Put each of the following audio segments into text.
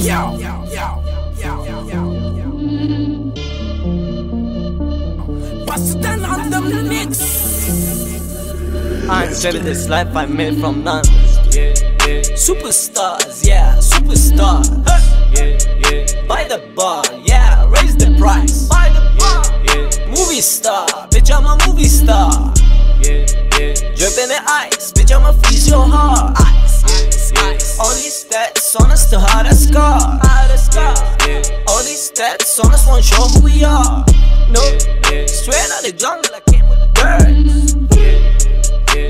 Yo, I'm saving this life I made from none. Yeah, yeah. Superstars, yeah, superstar. Hey. Yeah, By the bar, yeah, raise the price. By the bar, movie star, bitch, I'm a movie star. Dripping the ice, bitch, I'm a fish. so hard I scar. All these stats on us won't show who we are. No, straight out the jungle, I came with the birds.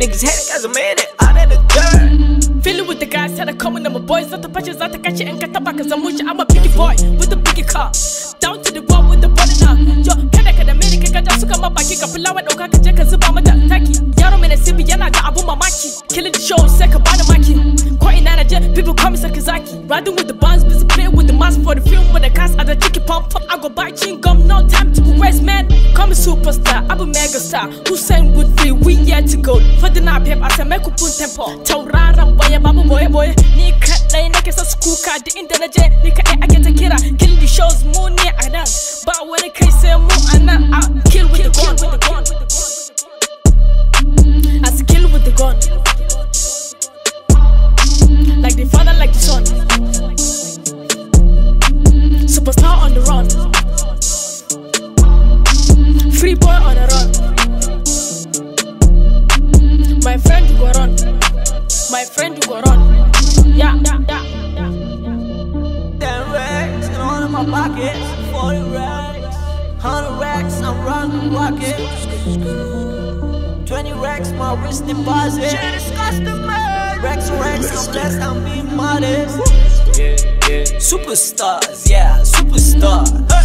Niggas hate it cause I made it out in the dirt. Feeling with the guys, had a coming, I'm a boy. Not the punches, not catch it, and cut the back, cause I'm with you. I'm a picky boy with a picky car. Down to the wall with the body now. Yo, can I get a minute, kick out, suka mapa, kick up, allow it, okay, check, cause I'm a ducky. Yaro, man, it's Sibi, yana, da, abu, mamaki. Killing the show, second, bada, maki people call me Sakazaki. Riding with the bars, busy playing with the mask for the film. When I cast at the ticket pump, I go buy chewing gum. No time to waste, man. Call me superstar, I'm a mega star. Who sang with me? We yet to go. For the nap, I said, make a pun tempo. Rara boy, I'm a boy, boy. Ni lay nay, naked, sa skuka, the internet, ni eh, I get a kira. Kill the shows, moon, yeah, I know. But when it case, moon, I my friend you go run. Yeah, yeah, yeah. Ten racks and all in my pockets. Forty racks, hundred racks. I'm running rockets. Twenty racks, my wrist deposit. Shit is customers. Racks, racks. I'm blessed. I'm being modest. Yeah, yeah. Superstars, yeah, superstar. Hey.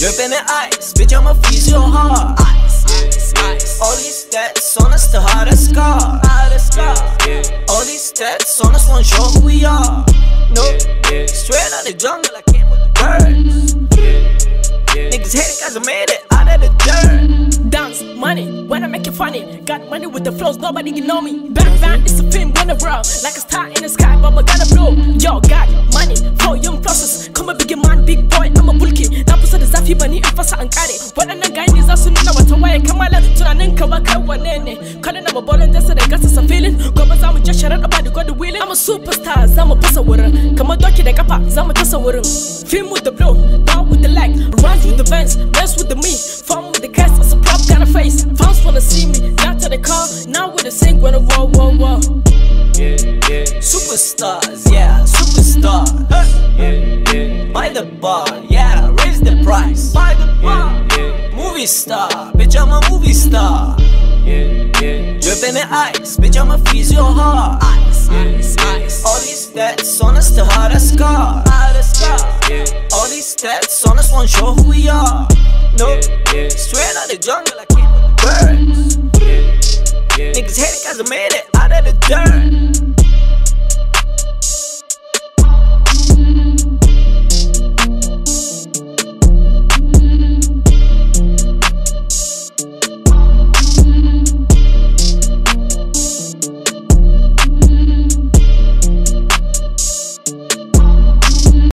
Drip in the ice, bitch, I'ma freeze your heart. Ice, ice, ice. All these stats on us to hide a scar. All these stats on us won't show who we are. No, straight out the jungle, I came with the birds. Niggas hate it cause I made it out of the dirt. Dance, money, when I make it funny. Got money with the flows, nobody can know me. Bang, bang, it's a film, when I roll. Like a star in the sky, but I gotta blow. Yo, got money for young flosses, Come a big man, big boy. na ninka ba kai wane ne kanin na babaran jasa da gasa sa filin gobe za mu je sharar ba da gwada I'm a superstar za mu fasa wurin kamar doki da kafa za mu tasa wurin film with the blow down with the leg run with the vents mess with the me form with the cast as a prop kind of face fans wanna see me not to the car now with the sink when a whoa whoa whoa yeah, yeah. Superstars, yeah, superstar. Hey. Yeah, yeah. By the bar, yeah, raise the price. Buy movie star, bitch, I'm a movie star. Yeah, yeah. Dripping in ice, bitch, I'ma freeze your heart. Ice, ice, All these stats on us to hide a scar. Hide a scar. Yeah, All these stats on us won't show who we are. No, Nope. Straight out the jungle, I can't with the birds. Niggas hate it cause I made it out of the dirt.